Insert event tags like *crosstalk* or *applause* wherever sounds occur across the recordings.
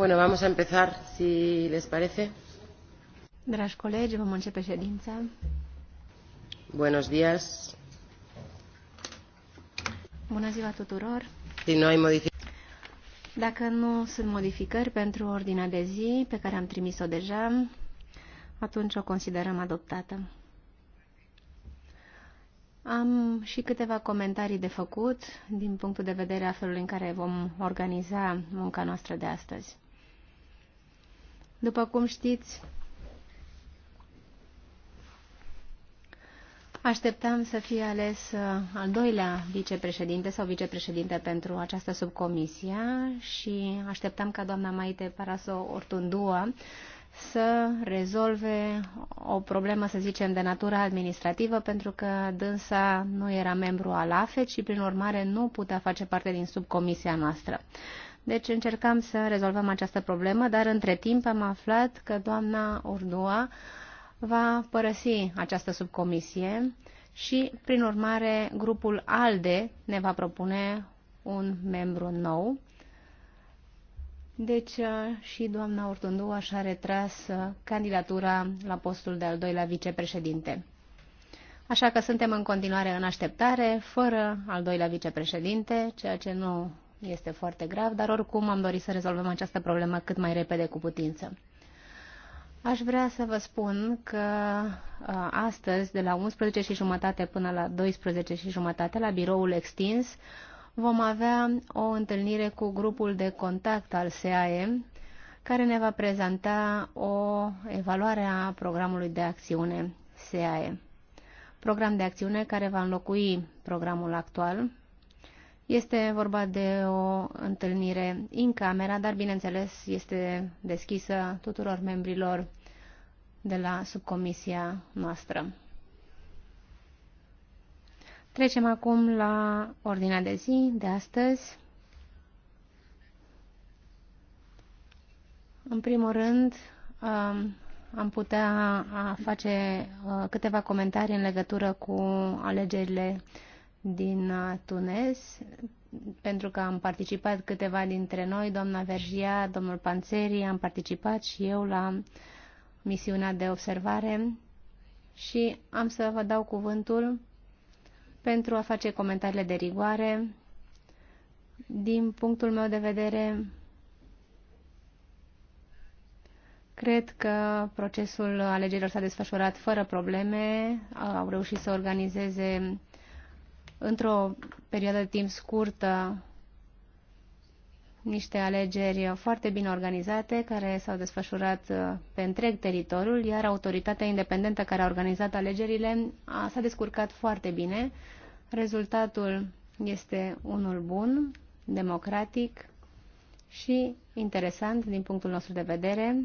Bueno, vamos a empezar, si les parece. Dragi colegi, vom începe ședința. Buenos días. Bună ziua tuturor. Si no hay Dacă nu sunt modificări pentru ordinea de zi pe care am trimis-o deja, atunci o considerăm adoptată. Am și câteva comentarii de făcut din punctul de vedere a felului în care vom organiza munca noastră de astăzi. După cum știți, Așteptăm să fie ales uh, al doilea vicepreședinte sau vicepreședinte pentru această subcomisie și așteptăm ca doamna Maite Paraso Ortundua să rezolve o problemă, să zicem, de natură administrativă, pentru că dânsa nu era membru al AFE și, prin urmare, nu putea face parte din subcomisia noastră. Deci încercam să rezolvăm această problemă, dar între timp am aflat că doamna Ordua va părăsi această subcomisie și, prin urmare, grupul ALDE ne va propune un membru nou. Deci uh, și doamna Urdua și-a retras uh, candidatura la postul de al doilea vicepreședinte. Așa că suntem în continuare în așteptare, fără al doilea vicepreședinte, ceea ce nu este foarte grav, dar oricum am dorit să rezolvăm această problemă cât mai repede cu putință. Aș vrea să vă spun că astăzi, de la 11 și jumătate până la 12 și jumătate, la biroul extins, vom avea o întâlnire cu grupul de contact al SAE, care ne va prezenta o evaluare a programului de acțiune SAE. Program de acțiune care va înlocui programul actual este vorba de o întâlnire în camera, dar bineînțeles este deschisă tuturor membrilor de la subcomisia noastră. Trecem acum la ordinea de zi de astăzi. În primul rând, am putea face uh, câteva comentarii în legătură cu alegerile din uh, Tunes, pentru că am participat câteva dintre noi, doamna Vergia, domnul Panțeri, am participat și eu la misiunea de observare și am să vă dau cuvântul pentru a face comentariile de rigoare. Din punctul meu de vedere, Cred că procesul alegerilor s-a desfășurat fără probleme, au reușit să organizeze într-o perioadă de timp scurtă niște alegeri foarte bine organizate care s-au desfășurat uh, pe întreg teritoriul, iar autoritatea independentă care a organizat alegerile s-a descurcat foarte bine. Rezultatul este unul bun, democratic și interesant din punctul nostru de vedere.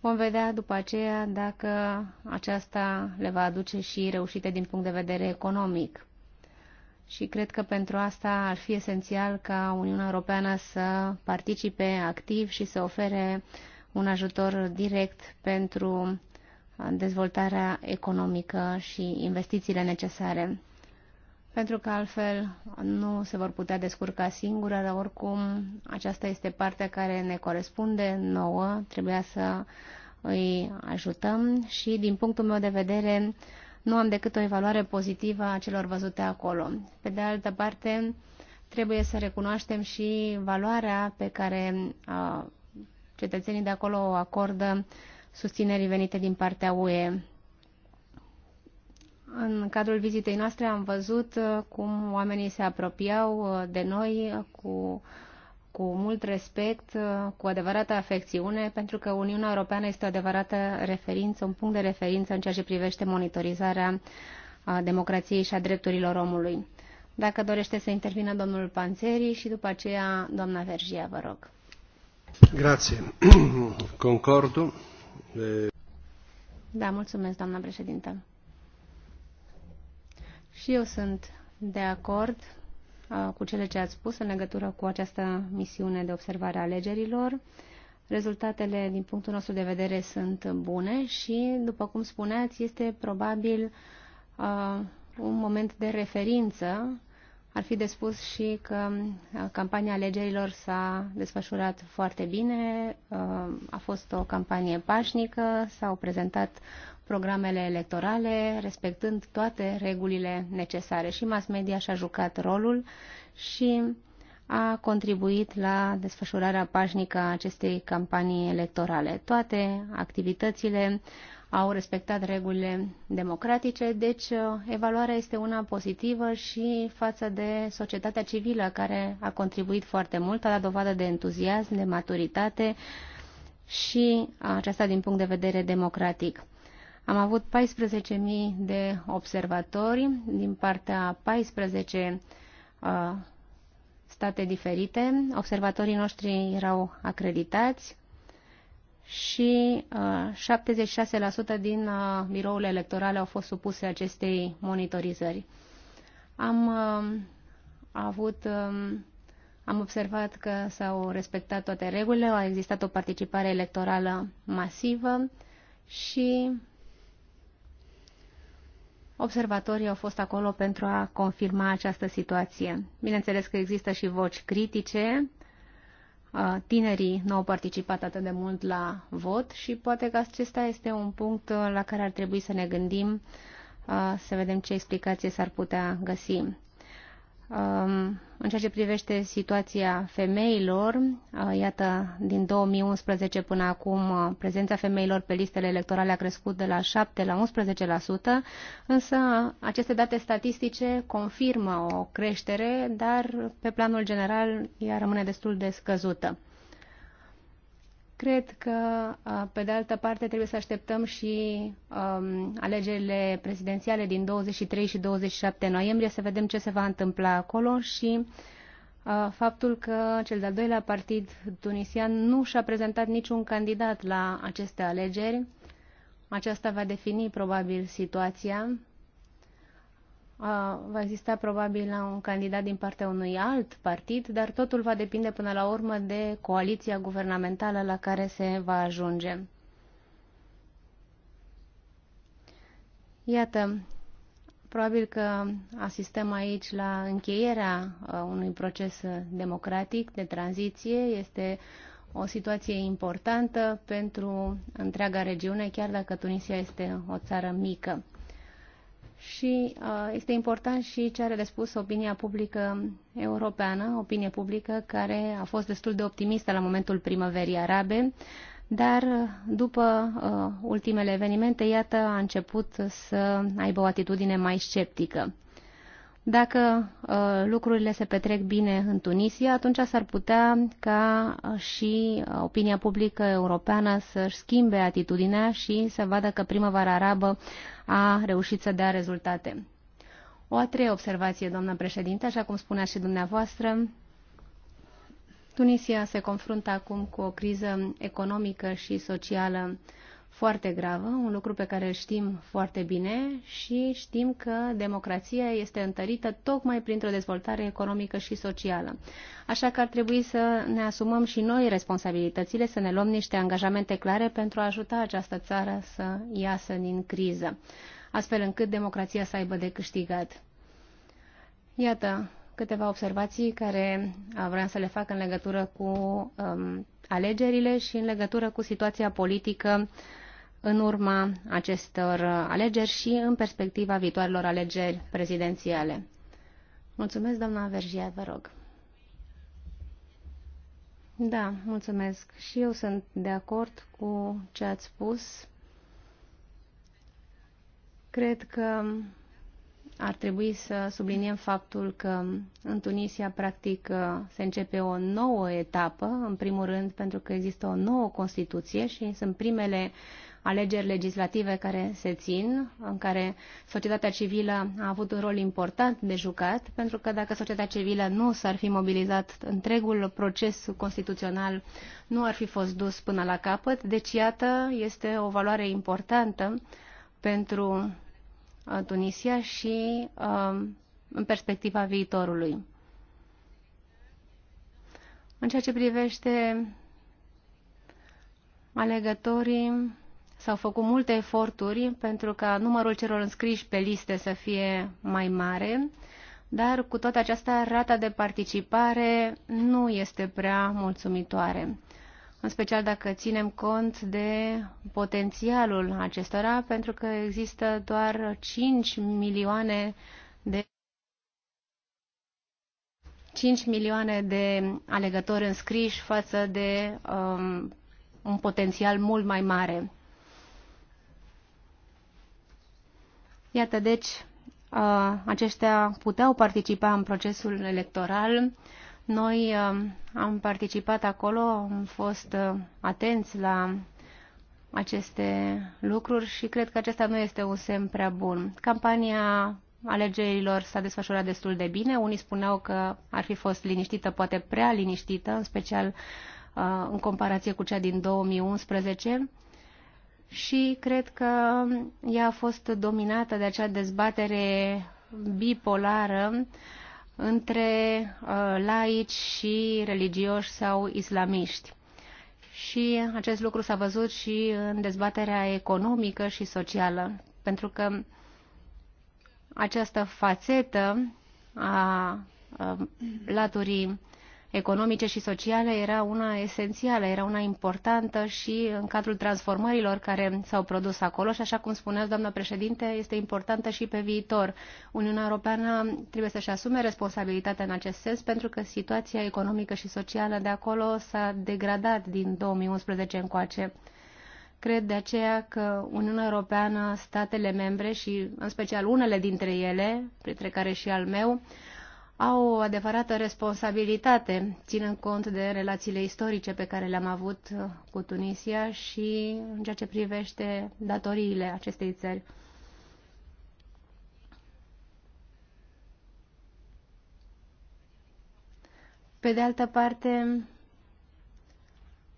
Vom vedea după aceea dacă aceasta le va aduce și reușite din punct de vedere economic și cred că pentru asta ar fi esențial ca Uniunea Europeană să participe activ și să ofere un ajutor direct pentru dezvoltarea economică și investițiile necesare. Pentru că altfel nu se vor putea descurca singure, dar oricum aceasta este partea care ne corespunde nouă, trebuia să îi ajutăm și din punctul meu de vedere nu am decât o evaluare pozitivă a celor văzute acolo. Pe de altă parte, trebuie să recunoaștem și valoarea pe care a, cetățenii de acolo o acordă susținerii venite din partea UE. În cadrul vizitei noastre am văzut uh, cum oamenii se apropiau uh, de noi uh, cu uh, cu mult respect, uh, cu adevărată afecțiune, pentru că Uniunea Europeană este o adevărată referință, un punct de referință în ceea ce privește monitorizarea uh, democrației și a drepturilor omului. Dacă dorește să intervină domnul Panțeri și după aceea doamna Vergia, vă rog. *clears throat* Concordul. De... Da, mulțumesc, doamna președintă. Și eu sunt de acord cu cele ce ați spus în legătură cu această misiune de observare a alegerilor. Rezultatele, din punctul nostru de vedere, sunt bune și, după cum spuneați, este probabil uh, un moment de referință ar fi de spus și că uh, campania alegerilor s-a desfășurat foarte bine, uh, a fost o campanie pașnică, s-au prezentat programele electorale, respectând toate regulile necesare și mass media și-a jucat rolul și a contribuit la desfășurarea pașnică a acestei campanii electorale. Toate activitățile uh, au respectat regulile democratice, deci uh, evaluarea este una pozitivă și față de societatea civilă care a contribuit foarte mult, a dat dovadă de entuziasm, de maturitate și aceasta din punct de vedere democratic. Am avut 14.000 de observatori din partea 14 uh, state diferite. Observatorii noștri erau acreditați și 76% uh, din uh, birourile electorale au fost supuse acestei monitorizări. Am uh, avut um, am observat că s-au respectat toate regulile, a existat o participare electorală masivă și observatorii au fost acolo pentru a confirma această situație. Bineînțeles că există și voci critice tinerii nu au participat atât de mult la vot și poate că acesta este un punct uh, la care ar trebui să ne gândim, uh, să vedem ce explicație s-ar putea găsi. Um, în ceea ce privește situația femeilor, uh, iată, din 2011 până acum, uh, prezența femeilor pe listele electorale a crescut de la 7 la 11%, însă aceste date statistice confirmă o creștere, dar pe planul general ea rămâne destul de scăzută. Cred că, pe de altă parte, trebuie să așteptăm și um, alegerile prezidențiale din 23 și 27 noiembrie, să vedem ce se va întâmpla acolo și uh, faptul că cel de-al doilea partid tunisian nu și-a prezentat niciun candidat la aceste alegeri. Aceasta va defini probabil situația va exista probabil un candidat din partea unui alt partid, dar totul va depinde până la urmă de coaliția guvernamentală la care se va ajunge. Iată, probabil că asistăm aici la încheierea unui proces democratic de tranziție. Este o situație importantă pentru întreaga regiune, chiar dacă Tunisia este o țară mică și uh, este important și ce are de spus opinia publică europeană, opinie publică care a fost destul de optimistă la momentul primăverii arabe, dar uh, după uh, ultimele evenimente, iată, a început să aibă o atitudine mai sceptică. Dacă uh, lucrurile se petrec bine în Tunisia, atunci s-ar putea ca uh, și uh, opinia publică europeană să-și schimbe atitudinea și să vadă că primăvara arabă a reușit să dea rezultate. O a treia observație, doamnă președinte, așa cum spunea și dumneavoastră, Tunisia se confruntă acum cu o criză economică și socială uh, foarte gravă, un lucru pe care îl știm foarte bine și știm că democrația este întărită tocmai printr-o dezvoltare economică și socială. Așa că ar trebui să ne asumăm și noi responsabilitățile, să ne luăm niște angajamente clare pentru a ajuta această țară să iasă din criză, astfel încât democrația să aibă de câștigat. Iată câteva observații care vreau să le fac în legătură cu um, alegerile și în legătură cu situația politică uh, în urma acestor alegeri și în perspectiva viitoarelor alegeri prezidențiale. Mulțumesc, doamna Vergia, vă rog. Da, mulțumesc. Și eu sunt de acord cu ce ați spus. Cred că ar trebui să subliniem faptul că în Tunisia, practic, se începe o nouă etapă, în primul rând pentru că există o nouă Constituție și sunt primele alegeri legislative care se țin, în care societatea civilă a avut un rol important de jucat, pentru că dacă societatea civilă nu s-ar fi mobilizat, întregul proces constituțional nu ar fi fost dus până la capăt. Deci, iată, este o valoare importantă pentru Uh, Tunisia și uh, în perspectiva viitorului. În ceea ce privește alegătorii, s-au făcut multe eforturi pentru ca numărul celor înscriși pe liste să fie mai mare, dar cu toate acestea rata de participare nu este prea mulțumitoare în special dacă ținem cont de potențialul acestora, pentru că există doar 5 milioane de 5 milioane de alegători înscriși față de um, un potențial mult mai mare. Iată, deci, uh, aceștia puteau participa în procesul electoral uh, noi um, am participat acolo, am fost uh, atenți la aceste lucruri și cred că acesta nu este un semn prea bun. Campania alegerilor s-a desfășurat destul de bine. Unii spuneau că ar fi fost liniștită, poate prea liniștită, în special uh, în comparație cu cea din 2011 și cred că ea a fost dominată de acea dezbatere bipolară uh, între uh, laici și religioși sau islamiști. Și acest lucru s-a văzut și în dezbaterea economică și socială, pentru că această fațetă a uh, laturii economice și sociale era una esențială, era una importantă și în cadrul transformărilor care s-au produs acolo și așa cum spuneați, doamnă președinte, este importantă și pe viitor. Uniunea Europeană trebuie să-și asume responsabilitatea în acest sens pentru că situația economică și socială de acolo s-a degradat din 2011 încoace. Cred de aceea că Uniunea Europeană, statele membre și în special unele dintre ele, printre care și al meu, au o adevărată responsabilitate, ținând cont de relațiile istorice pe care le-am avut uh, cu Tunisia și în ceea ce privește datoriile acestei țări. Pe de altă parte,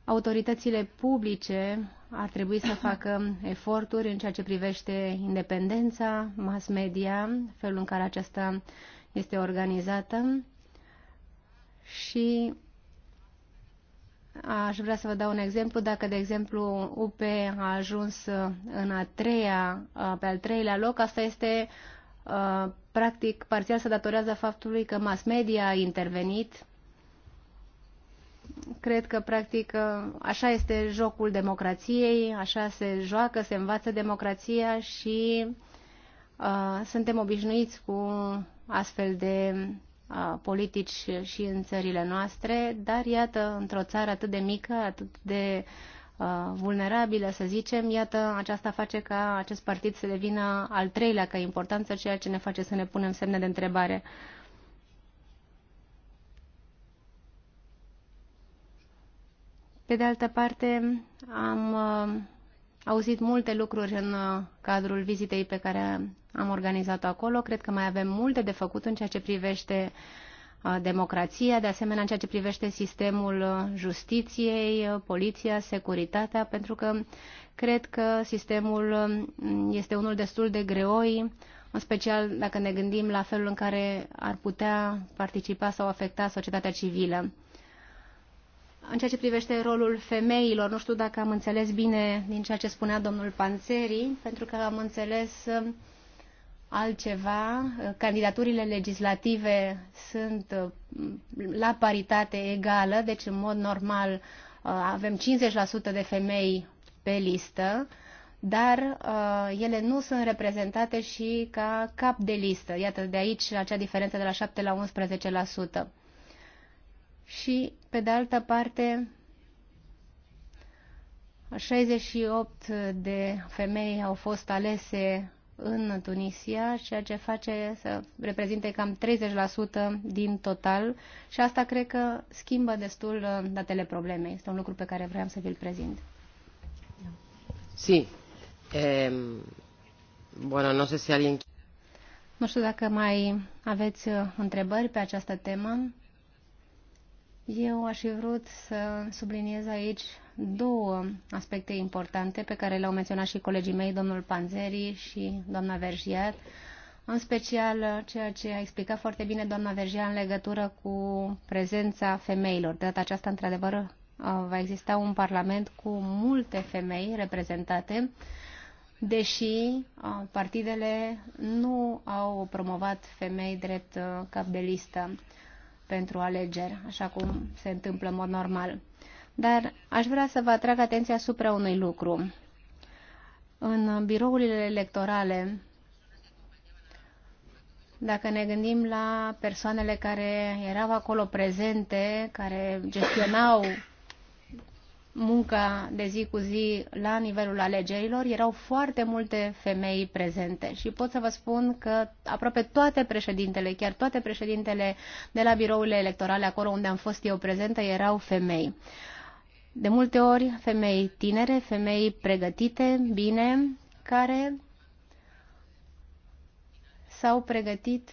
autoritățile publice ar trebui să facă eforturi în ceea ce privește independența, mass media, felul în care aceasta este organizată și aș vrea să vă dau un exemplu. Dacă, de exemplu, UP a ajuns în a treia, pe al treilea loc, asta este uh, practic parțial se datorează faptului că mass media a intervenit cred că, practic, așa este jocul democrației, așa se joacă, se învață democrația și uh, suntem obișnuiți cu astfel de uh, politici și în țările noastre, dar iată, într-o țară atât de mică, atât de uh, vulnerabilă, să zicem, iată, aceasta face ca acest partid să devină al treilea ca importanță, ceea ce ne face să ne punem semne de întrebare. Uh, Pe de altă parte, am uh, auzit multe lucruri în uh, cadrul vizitei pe care am organizat-o acolo. Cred că mai avem multe de făcut în ceea ce privește uh, democrația, de asemenea în ceea ce privește sistemul justiției, poliția, securitatea, pentru că cred că sistemul um, este unul destul de greoi, în special dacă ne gândim la felul în care ar putea participa sau afecta societatea civilă în ceea ce privește rolul femeilor, nu știu dacă am înțeles bine din ceea ce spunea domnul Panțeri, pentru că am înțeles uh, altceva. Candidaturile legislative sunt uh, la paritate egală, deci în mod normal uh, avem 50% de femei pe listă, dar uh, ele nu sunt reprezentate și ca cap de listă. Iată, de aici acea diferență de la 7 la și, pe de altă parte, 68 de femei au fost alese în Tunisia, ceea ce face să reprezinte cam 30% din total și asta cred că schimbă destul uh, datele problemei. Este un lucru pe care vreau să vi-l prezint. Sí. Eh, bueno, no sé si alguien... Nu știu dacă mai aveți uh, întrebări pe această temă. Eu aș fi vrut să subliniez aici două aspecte importante pe care le-au menționat și colegii mei, domnul Panzeri și doamna Vergiat, în special ceea ce a explicat foarte bine doamna Vergiat în legătură cu prezența femeilor. De data aceasta, într-adevăr, va exista un parlament cu multe femei reprezentate, deși partidele nu au promovat femei drept cap de listă pentru alegeri, așa cum se întâmplă în mod normal. Dar aș vrea să vă atrag atenția asupra unui lucru. În birourile electorale, dacă ne gândim la persoanele care erau acolo prezente, care gestionau munca de zi cu zi la nivelul alegerilor, erau foarte multe femei prezente și pot să vă spun că aproape toate președintele, chiar toate președintele de la birourile electorale, acolo unde am fost eu prezentă, erau femei. De multe ori femei tinere, femei pregătite, bine, care s-au pregătit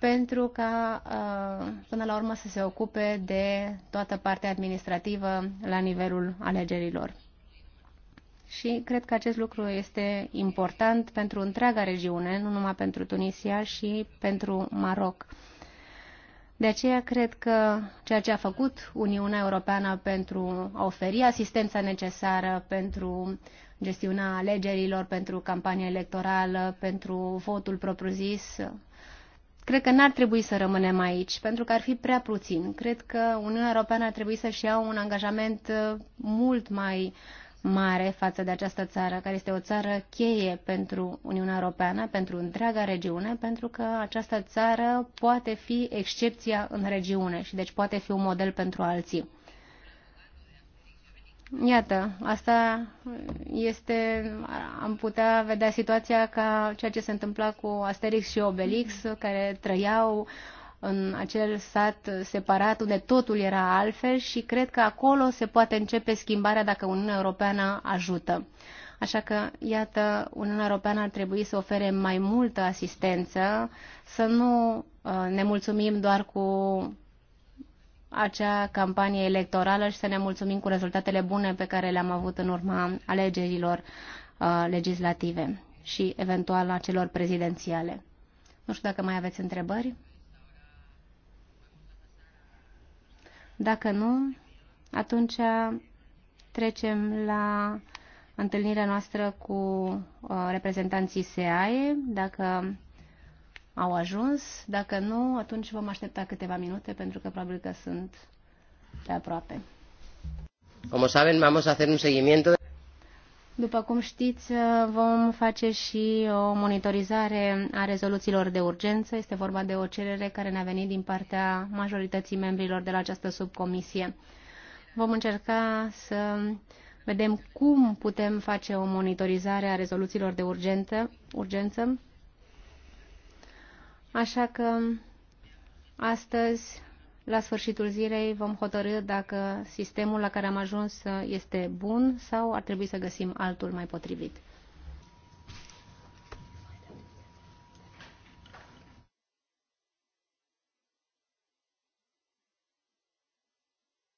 pentru ca uh, până la urmă să se ocupe de toată partea administrativă la nivelul alegerilor. Și cred că acest lucru este important pentru întreaga regiune, nu numai pentru Tunisia și pentru Maroc. De aceea cred că ceea ce a făcut Uniunea Europeană pentru a oferi asistența necesară pentru gestiunea alegerilor, pentru campania electorală, pentru votul propriu-zis, Cred că n-ar trebui să rămânem aici, pentru că ar fi prea puțin. Cred că Uniunea Europeană ar trebui să-și ia un angajament uh, mult mai mare față de această țară, care este o țară cheie pentru Uniunea Europeană, pentru întreaga regiune, pentru că această țară poate fi excepția în regiune și deci poate fi un model pentru alții. Iată, asta este, am putea vedea situația ca ceea ce se întâmpla cu Asterix și Obelix, mhm. care trăiau în acel sat separat unde totul era altfel și cred că acolo se poate începe schimbarea dacă Uniunea Europeană ajută. Așa că, iată, Uniunea Europeană ar trebui să ofere mai multă asistență, să nu uh, ne mulțumim doar cu acea campanie electorală și să ne mulțumim cu rezultatele bune pe care le-am avut în urma alegerilor uh, legislative și eventual a celor prezidențiale. Nu știu dacă mai aveți întrebări. Dacă nu, atunci trecem la întâlnirea noastră cu uh, reprezentanții SEAE. Dacă au ajuns. Dacă nu, atunci vom aștepta câteva minute pentru că probabil că sunt pe aproape. Como saben, vamos a hacer un seguimiento. După cum știți, vom face și o monitorizare a rezoluțiilor de urgență. Este vorba de o cerere care ne-a venit din partea majorității membrilor de la această subcomisie. Vom încerca să vedem cum putem face o monitorizare a rezoluțiilor de urgență Așa că astăzi, la sfârșitul zilei, vom hotărâ dacă sistemul la care am ajuns este bun sau ar trebui să găsim altul mai potrivit.